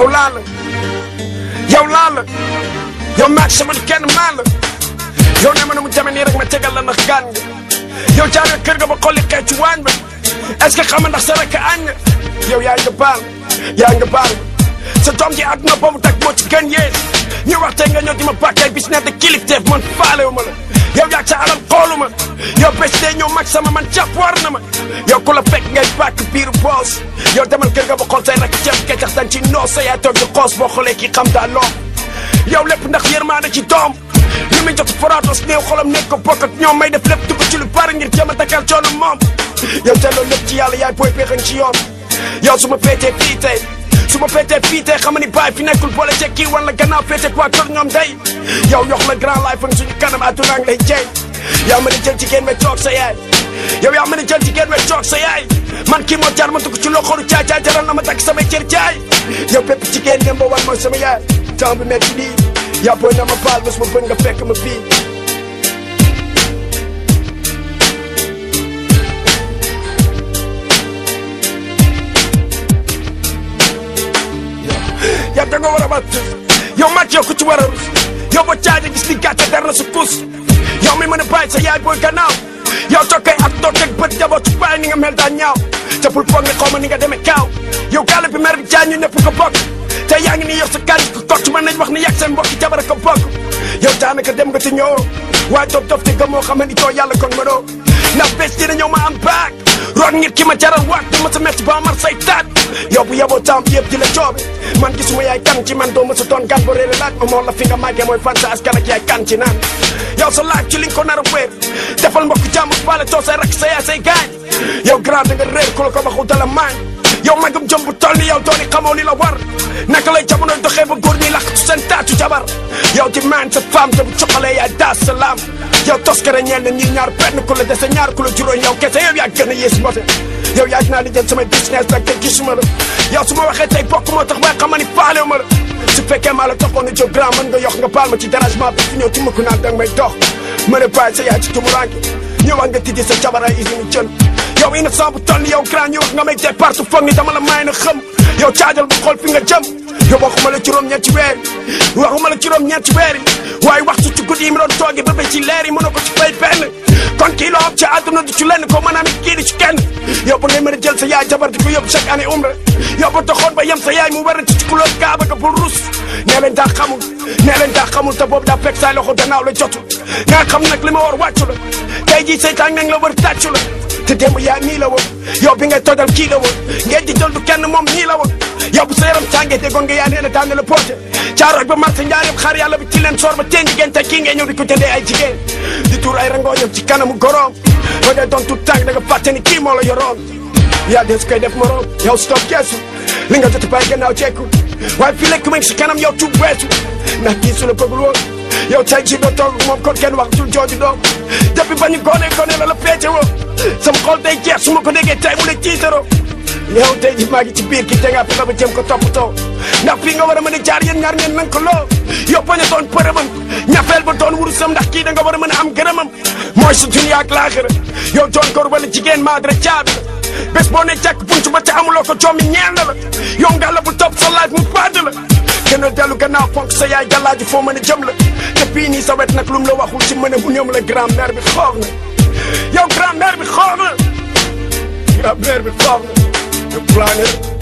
yow laa la yow laa la kenn maa la yow ne ma mu demee nii rek ma tegal la ndax gaan nga yow jaaree kër ga ba xolli xeec ci waañ ba est-ce que xam ndax sa rakk añ na yow yaa nga baal yaa nga baal sa doom ji àdduna boobu tak moo ci gën yee ñu waxtee nga ñëw di ma bàkkay bis ne de kilifteef man faalewu ma la yow yaa sa alal xoolu ma yow bés dee ñëw mag sama man jàpp war na ma ku la fekk ngay bàkk biir boos yow demal kër nga ba xool say rak jëm kecax tan ci noos sa yaay toog di xoos boo xoolee ki xam daa loo yow lépp ndax yërmaande ci doom li muy jot faraatos néew xolam nekk ko bokk ak ñoom may def lépp dugg ci lu bari ngir jéem a dakkal coono moom yow te loolu lépp ci yàlla yaay booy péexan ci yoon yow su ma péetee fii tey su ma péetee fii tey xam ni baay fi nekkul boole ceeg kii wan la gannaaw péete waa kër ñoom day yow yox la grand life suñu kanam àdduna ngi lay jeey Yo, Yamani jelti gen me chok say ay Yo, yamani jelti gen me chok say ay Man ki mo jar man tuku ci loxolu cay cay jaral na ma tak sama cer cay Yow pep ci gen dem bo wan moy sama yaay Tam bi metti di Ya boy na ma pal mas ma bunga nga fekk ma fii yo da nga war a batt yow màcc yow ku ci war a rus su kus yow mi mën a bàyyi sa yaay booy gannaaw yow tokkay ak doo teg bët jaboot su ni nga mel daa ñaaw te bul foog xaw ma ni nga demee kaaw yow gaale bi mer jaa ñu ñëpp ko bokk te yaa ngi ni yow sa kàddu ko kott mën nañ wax ni yàgg seen mbokki jabar ko bokk yow daanaka dem nga te ñëw waaye dof dof te gëmoo xam ne itoo yàlla kon ma doo ndax bés dina ñëw ma am baag root ngir ki ma jaral waat dama sa metti yow bu yeboo caam bi yëpp di la coobe man gisuma yaay kan ci man doo mësa doon gan ba réere laaj ma moo la fi nga màggee mooy fan sa askan ak yaay kan ci naan yow sa laaj ci li a wéer defal mbokk jàmm bala coo say rak sa yaay say gaañ yow grand da nga ku la ko waxu dala maañ yow magam jëm bu toll ni dooni xamoo li la war naka lay jamonoy doxee ba góor ci jabar yow di sa femme te bu coxalee daas sa laam yow toskare ñeel na ñaar benn ku dese ñaar ku la yow kese yow yaa gën a yées mbote yow yaa naa li jël sama business rek te la yow su ma waxee tey bokk moo tax may xam faale ma la fekkee maa la toxoon na jóg nga yox nga baal ma ci dérangement bi fi ñëw ci mukk naan danga may dox ma ne sa yaay ci tumuraange ñëwaat nga tijji sa jabar ay usine jën yow innocent bu yow waxuma la juróom-ñett ci weer yi waxuma la juróom-ñett ci weer yi waaye waxtu ci guddi yi mu doon tooge ba ba ci leer yi mënoo ko ci fay benn kon kii loo xam ci àdduna du ci lenn ko mën a amit kii di ci kenn yow ba ngay mën a jël sa yaay jabar di ko yóbbu chaque année umra yow ba taxoon ba yem sa yaay mu werante ci kulóor kaaba ka pour rus nee leen daa xamul nee leen daa xamul te boobu daa fekk say loxo gannaaw la jotu nga xam nag li ma war wàccu la tey jii seytaan nañ la wër tàccu la te démb yaa nii la woon yow bi ngay tojal kii la woon ngeen di jël du kenn moom nii la woon yow bu sa yaram tàngee déggoon nga yaa nee na tànn la poote caaro ak ba marché njaarem xaar yàlla bi ci soor ba tee ngeen te kii ngay ñëw di ko jëndee ay jigéen di tuur ay rangooñam ci kanamu goroom ba ngay doon tout tànk da nga fàtte kii moo la yoroon yaa dee su koy def moroom yow si toog keesu li nga joti bàyyi gannaaw ceeku waaye fii lekk mu ngi si kanam yow yow tey jii doo toog moom kon kenn waxtul jooju doom depuis ba ñu gone gone la la peccewoo sama xol jeex su ma ko déggee tey mu ne tiitaroo yow tey jii maa ngi ci biir ki te ngaa fexe ba jëm ko toppatoo ndax fii nga war a mën a jaar yéen ñaar ngeen mën ko loo yow bañ a doon përëmam ñafeel ba doon wurusam ndax da nga war a mën a am gërëmam mooy sa dunya ak laaxira yow doon góor wala jigéen maa dara caabi bés boo ne jàkk ci ba ca amuloo ko joomi ñeel na la yow nga la bu topp sa laaj mu kenn dellu gannaaw fonk sa yaay jàllaaji foo mën a jëm la te bii nii sa wet nag lu mu la waxul si mën a ñoom la grand mère bi xoox na yow grand mère bi xoox na grand mère bi xoox na